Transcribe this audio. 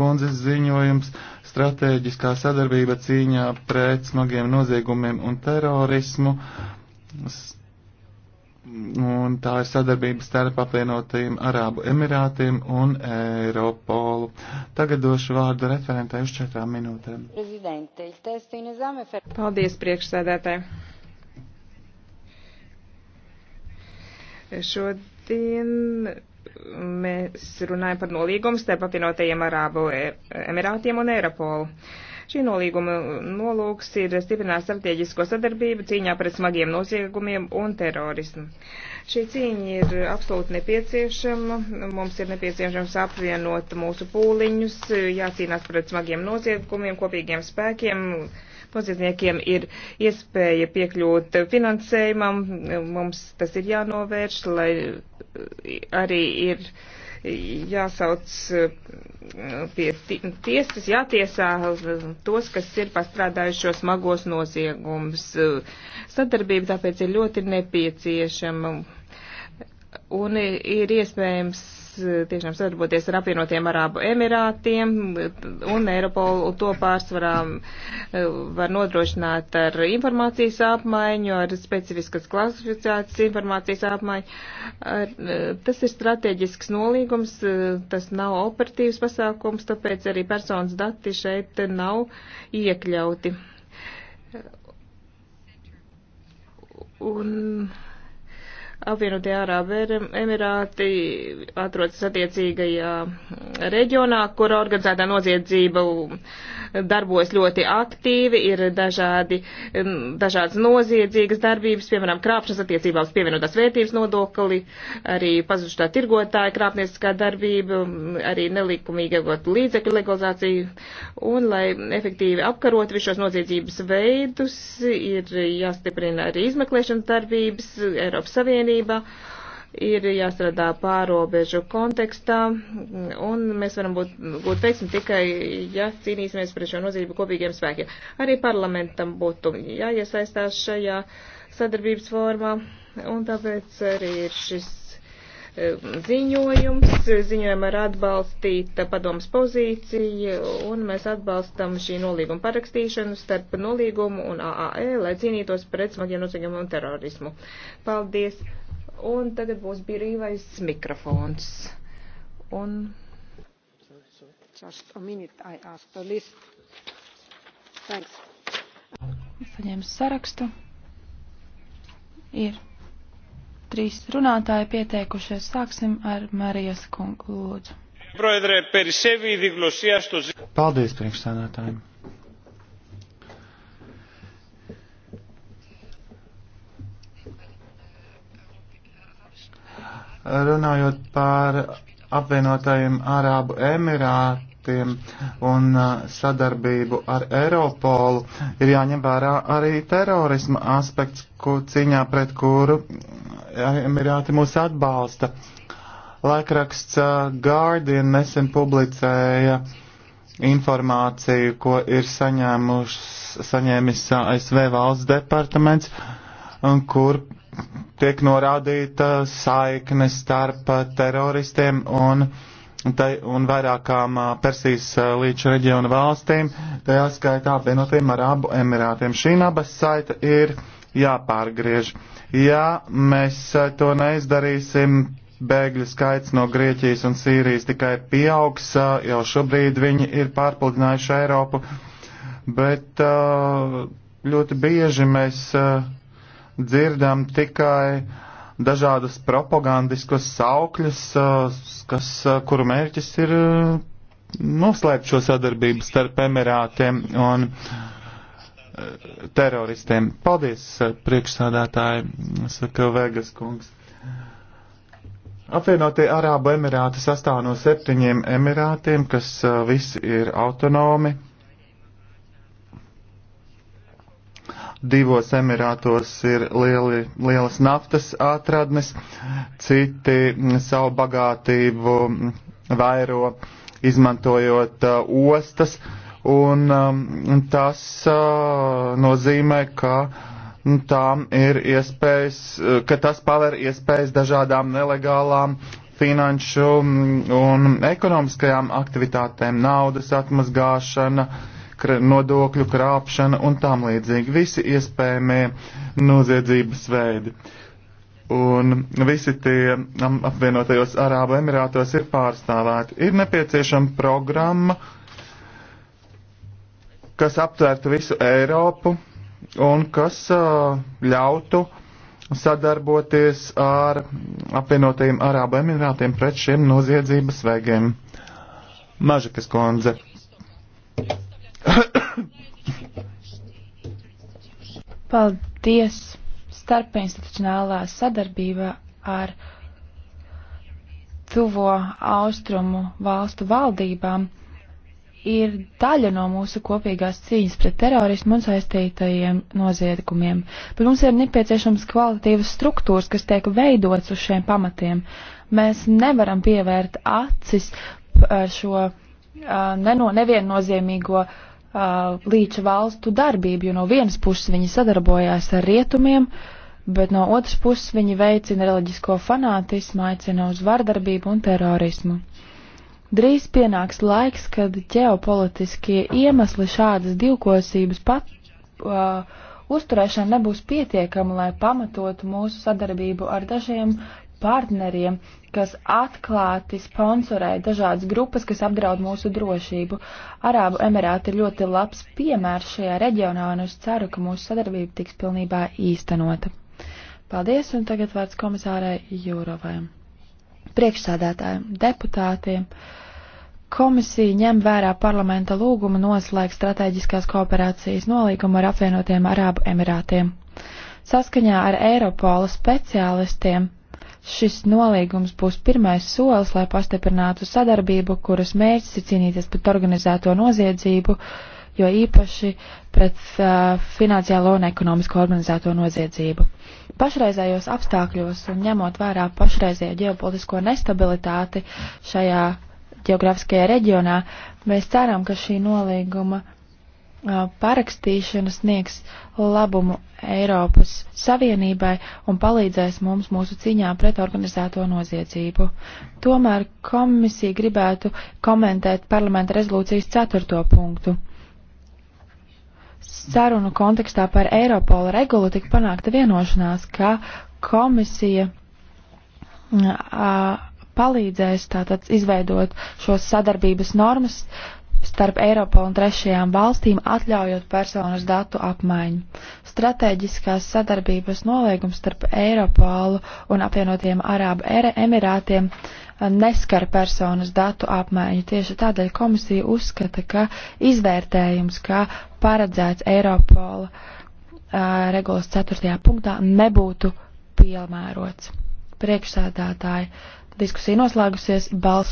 Kundzes ziņojums - stratēģiskā sadarbība cīņā pret smagiem noziegumiem un terorismu. Un tā ir sadarbība starp apvienotajiem Arābu Emirātiem un Eiropolu. Tagad došu vārdu referentai uz četrām minūtēm. Paldies, priekšsēdētāji. Šodien mēs runājam par nolīgumu starp apvienotajiem Arābu e- Emirātiem un Eiropolu. Šī nolīguma nolūks ir stiprināt strateģisko sadarbību cīņā pret smagiem noziegumiem un terorismu. Šī cīņa ir absolūti nepieciešama. Mums ir nepieciešams apvienot mūsu pūliņus, jācīnās pret smagiem noziegumiem, kopīgiem spēkiem. Noziedzniekiem ir iespēja piekļūt finansējumam, mums tas ir jānovērš, lai arī ir jāsauc eh, pie tiesas, jātiesā tos, kas ir pastrādājušos smagos noziegumus. Sadarbība tāpēc ir ļoti nepieciešama un ir iespējams tiešām sadarboties ar apvienotiem Arābu Emirātiem un Eiropolu, un to pārsvarā e, var nodrošināt ar informācijas apmaiņu, ar specifiskas klasificētas informācijas apmaiņu. Ar, e, tas ir strateģisks nolīgums, e, tas nav operatīvs pasākums, tāpēc arī personas dati šeit nav iekļauti. Un Apvienotie Arābu Emirāti atrodas attiecīgajā reģionā, kur organizētā noziedzība darbojas ļoti aktīvi, ir dažādi, mm, dažādas noziedzīgas darbības, piemēram, krāpšanas attiecībā uz pievienotās vērtības nodokli, arī pazudušā tirgotāja krāpnieciskā darbība, mm, arī nelikumīgi iegūt līdzekļu legalizāciju. Un, lai efektīvi apkarot visos noziedzības veidus, ir jāstiprina arī izmeklēšanas darbības Eiropas Savienības sadarbība ir jāstrādā pārobežu kontekstā, un mēs varam būt, būt veiksmi tikai, ja cīnīsimies pret šo nozīmi kopīgiem spēkiem. Arī parlamentam būtu jāiesaistās šajā sadarbības formā, un tāpēc arī ir šis e, ziņojums, ziņojumā ir atbalstīta padomas pozīcija, un mēs atbalstam šī nolīguma parakstīšanu starp nolīgumu un AAE, lai cīnītos pret smagiem noziegumiem un terorismu. Paldies! Un tagad būs brīvais mikrofons. Un... Just a minute, I ask the list. Thanks. Saņēmu sarakstu. Ir trīs runātāji pieteikušies. Sāksim ar Marijas kungu lūdzu. Paldies priekšsēdētājiem. runājot par apvienotajiem Arābu Emirātiem un uh, sadarbību ar Eiropolu, ir jāņem vērā arī terorisma aspekts, ko cīņā pret kuru uh, Emirāti mūs atbalsta. Laikraksts uh, Guardian nesen publicēja informāciju, ko ir saņēmušs, saņēmis ASV valsts departaments kur tiek norādīta saikne starp teroristiem un, tai, un vairākām Persijas līča reģiona valstīm, tajā skaitā apvienotiem Arābu Emirātiem. Šī nabas saita ir jāpārgriež. Ja mēs to neizdarīsim, bēgļu skaits no Grieķijas un Sīrijas tikai pieaugs, jau šobrīd viņi ir pārpludinājuši Eiropu, bet ļoti bieži mēs dzirdam tikai dažādas propagandiskas saukļas, eh, kas, eh, kuru mērķis ir eh, noslēpt šo sadarbību starp Emirātiem un teroristiem. Paldies, priekšsādātāji, saka Vegas kungs. Apvienotie Arābu Emirāti sastāv no septiņiem emirātiem, kas visi ir autonomi divos Emirātos ir lieli, lielas naftas atradnes, citi savu bagātību vairo izmantojot uh, ostas, un um, tas uh, nozīmē, ka mm, tām ir iespējas, uh, ka tas paver iespējas dažādām nelegālām finanšu mm, un ekonomiskajām aktivitātēm, naudas atmazgāšana, uh, nodokļu krāpšana un tam līdzīgi visi iespējamie noziedzības veidi. Un visi tie apvienotajos Arābu Emirātos ir pārstāvēti. Ir nepieciešama programma, kas aptvērtu visu Eiropu un kas uh, ļautu sadarboties ar apvienotajiem Arābu Emirātiem pret šiem noziedzības veigiem. Mažakas kundze. Paldies! Starpinstitucionālā sadarbība ar tuvo austrumu valstu valdībām ir daļa no mūsu kopīgās cīņas pret terorismu un saistītajiem noziegumiem, bet mums ir nepieciešams kvalitatīvas struktūras, kas tiek veidots uz šiem pamatiem. Mēs nevaram pievērt acis šo neno, neviennozīmīgo uh, Uh, līča valstu darbību, jo no vienas puses viņi sadarbojās ar rietumiem, bet no otras puses viņi veicina reliģisko fanātismu, aicina uz vardarbību un terorismu. Drīz pienāks laiks, kad ģeopolitiskie iemesli šādas divkosības pat uh, uzturēšana nebūs pietiekama, lai pamatotu mūsu sadarbību ar dažiem partneriem, kas atklāti sponsorē dažādas grupas, kas apdraud mūsu drošību. Arābu Emirāti ir ļoti labs piemērs šajā reģionā, un es ceru, ka mūsu sadarbība tiks pilnībā īstenota. Paldies, un tagad vārds komisārai Jūrovai. Priekšsādātājiem, deputātiem. Komisija ņem vērā parlamenta lūgumu noslēgt strateģiskās kooperācijas nolīgumu ar apvienotiem Arābu Emirātiem. Saskaņā ar Eiropola speciālistiem Šis nolīgums būs pirmais solis, lai pastiprinātu sadarbību, kuras mērķis ir cīnīties pret organizēto noziedzību, jo īpaši pret uh, finansiālo un ekonomisko organizēto noziedzību. Pašreizējos apstākļos un ņemot vērā pašreizējo ģeopolitisko nestabilitāti šajā geogrāfiskajā reģionā, mēs ceram, ka šī nolīguma uh, parakstīšana sniegs labumu Eiropas Savienībai un palīdzēs mums mūsu cīņā pret organizēto noziedzību. Tomēr komisija gribētu komentēt parlamenta rezolūcijas ceturto punktu. Sarunu kontekstā par Eiropola regulu tika panākta vienošanās, ka komisija a, palīdzēs tātad izveidot šos sadarbības normas, starp Eiropu un trešajām valstīm, atļaujot personas datu apmaiņu. Stratēģiskās sadarbības noliegums starp Eiropolu un apvienotiem Arābu Emirātiem eh, neskar personas datu apmaiņu. Tieši tādēļ komisija uzskata, ka izvērtējums, kā paredzēts Eiropola eh, regulas 4. punktā, nebūtu piemērots. Priekšsēdētāji diskusija noslēgusies, balsu